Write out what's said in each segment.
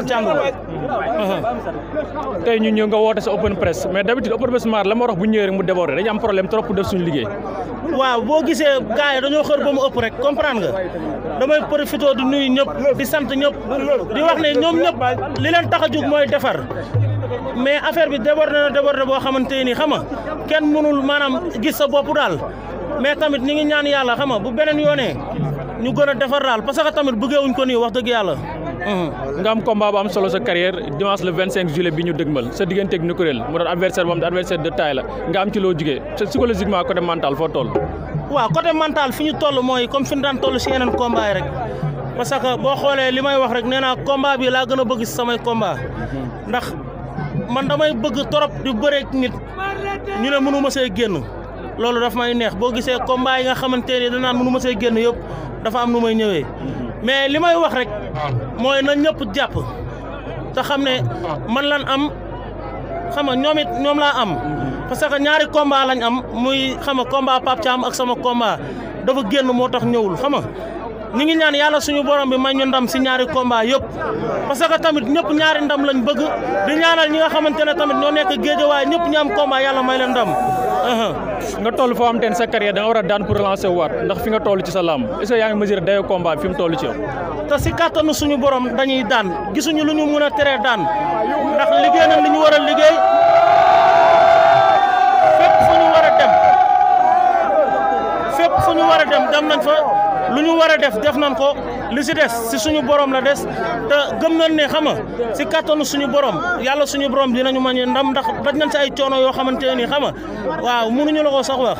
baax ci ànd ba tey ñu ñëw nga woote sa open press mais d'habitude open press maar la ma wax bu ñëwee rek mu débordé dañu am problème trop def suñu liggéey waaw boo gisee gars dañoo xër ba mu ëpp rek comprendre nga damay profité di nuyu ñëpp di sant ñëpp di wax ne ñoom ñëpp li leen tax a jóg mooy defar mais affaire bi débordé na débordé boo xamante ni xam nga kenn mënul maanaam gis sa bopp daal mais tamit ñi ngi ñaan yàlla xam nga bu beneen yoonee ñu gën a defar daal parce que tamit Mmh. nga am combat bu am solo sa carrière dimanche le 25 bi ñu dëgmal sa digganteeg Nukureel mu doon adversaire moom adversaire de taille la nga am ci loo jugee psychologiquement côté mental foo toll. waaw côté mental fi ñu toll mooy comme fi que boo xoolee li may wax rek nee naa combat bi laa gën a bëgg si samay combat mmh. ndax man damay bëgg trop di bëreeg nit ñu ne mënu ma see génn. loolu daf may neex boo gisee combat yi nga xamante ne danaan mënu ma génn yëpp dafa am nu may ñëwee mmh. mais li may wax rek mooy na ñëpp jàpp te xam ne man lan am xam nga ñoom laa am parce que ñaari combat lañ am muy xam kombaa combat Pape ak sama combat dafa génn moo tax ñëwul xam nga ngi ñaan yàlla suñu borom bi may ñu ndam si ñaari combat yëpp parce que tamit ñëpp ñaari ndam lañ bëgg di ñaanal ñi nga xamante ne tamit ñoo nekk géejawaay ñëpp ñu am combat yàlla may leen ndam Uh-huh. nga toll foo am teen sa carrière da war a daan pour relancer waat ndax fi nga toll ci sa làmb est yaa ngi mesure dayo combat bi fi mu toll ci yow te si kàttanu suñu borom dañuy daan gisuñu lu ñu mën a teree daan ndax liggéey na li ñu war a liggéey fépp fu ñu war a dem fépp fu ñu war a dem dem nañ fa lu ñu war a def def nañ ko li si des si suñu borom la des te gëm nañ ne xam nga si kattanu suñu borom yàlla suñu borom dinañu mañe ndam ndax daj nañ si ay coono yoo xamante ni xam nga waaw ñu la ko sax wax.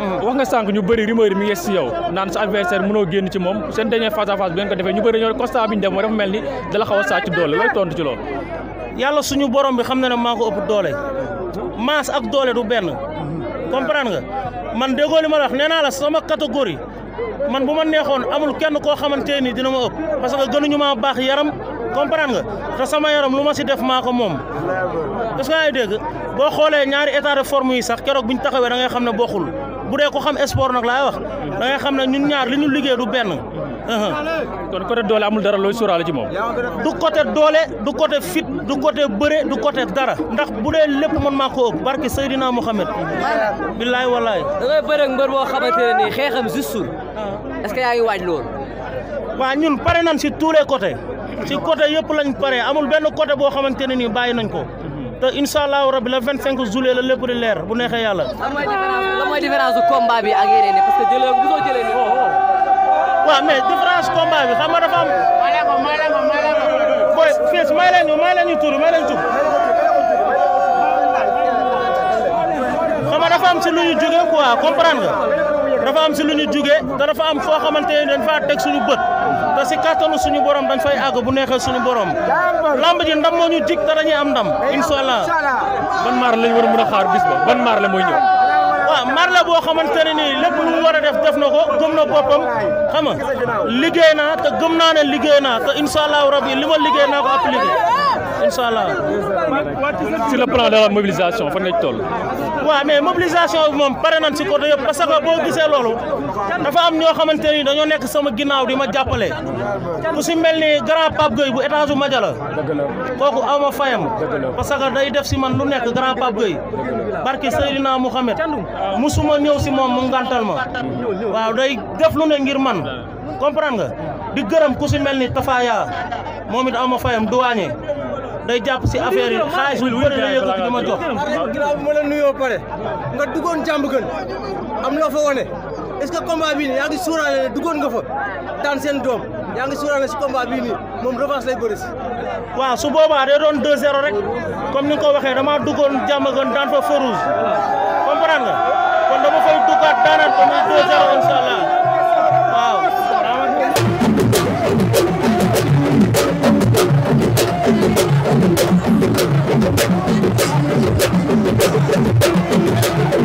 Mm. wax nga sanq ñu bëri rumeur mi ngi si yow naan sa adversaire mënoo génn ci moom seen dernier face à face bi ngeen defee ñu bëri ñoo constat bi ñu def mooy dafa mel ni dala xaw a sàcc doole looy tontu ci loolu. yàlla suñu borom bi xam na ne maa ko ëpp doole maas ak doole du benn mm. comprendre nga man déggoo li ma la wax nee naa la sama catégorie man bu ma neexoon amul kenn koo xamante ni dina ma ëpp parce que gënuñu maa baax yaram comprendre nga te sama yaram lu ma si def maa ko moom. est-ce que dégg boo xoolee ñaari état de yi sax keroog bu ñu taxawee da ngay xam ne bokkul. bu dee ko xam sport nag laay wax da ngay xam ne ñun ñaar li ñu liggéey du benn. kon côté doole amul dara looy sóoraale ci moom. du côté doole du côté fit du côté bëre du côté dara ndax bu dee lépp man maa ko ëpp barki Seydina Mohamed. billaay wallaay. da ngay bëre ak mbër boo xamante ne nii xeexam juste est-ce que yaa ngi waaj loolu. waaw ñun pare nañ si tous les côtés si côté yëpp lañ pare amul benn côté boo xamante ne nii bàyyi nañ ko. te incha allahu rabi la 25 juillet la lépp di leer bu neexee yàlla. lan mooy différence combat bi ak yeneen parce que jëlee bu soo jëlee nii waaw mais différence combat xam nga dafa am. may leen ko may leen ko may leen leen ñu xam nga dafa am si lu jugee quoi comprendre nga dafa am si lu jugee te dafa am foo xamante ne dañ faa teg suñu bët. te si kattanu suñu borom dañ fay àgg bu neexee suñu borom lamb ji ndam moo ñu dig te dañuy am ndam incha allah. ban lañ war a mën a xaar bis ba ban la mooy ñëw. waaw maar la boo xamante ne nii lépp lu mu war a def def na ko gëm na boppam xam nga liggéey naa te gëm naa ne liggéey naa te incha allah rabi li ma liggéey naa ko appliqué. incha allah sur le plan de la mobilisation fan nga ci toll. waaw mais mobilisation moom pare nañ si côté yëpp parce que boo gisee loolu dafa am ñoo xamante ni dañoo nekk sama ginnaaw di ma jàppale ku si mel ni grand Pape Gueye bu étage bu kooku aw ma fayam day def si man lu nekk grand Pape Gueye barki Seydina Mouhamed musuma ñëw si moom mu ngantal ma waaw day def lu ne ngir man comprendre nga di gërëm ku si mel ni Tafaya moom it aw ma fayam duwaañe day jàpp si affaire yi xaalis bi bëri na yëkkati di ma jox. ginnaaw bi ma la nuyoo pare nga duggoon jàmb am loo fa wane est-ce que combat bii nii yaa ngi suuraale ne duggoon nga fa daan seen doom yaa ngi suuraale si combat bii nii moom revanche lay bëri si. waaw su boobaa day doon 2-0 rek comme ni nga ko waxee damaa duggoon jàmb gën daan fa Feu Rouge kon dama fay duggaat daanaat ko muy 2 Thank you.